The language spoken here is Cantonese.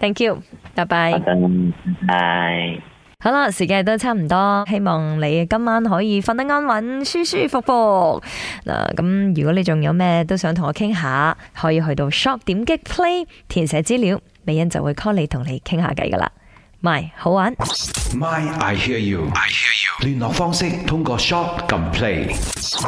Thank you，拜拜。好，拜。好啦，時間都差唔多，希望你今晚可以瞓得安穩，舒舒服服。嗱，咁如果你仲有咩都想同我傾下，可以去到 Shop 點擊 Play 填寫資料，美欣就會 call 你同你傾下偈㗎啦。My 好玩。My I hear you，I hear you。聯絡方式通過 Shop 撳 Play。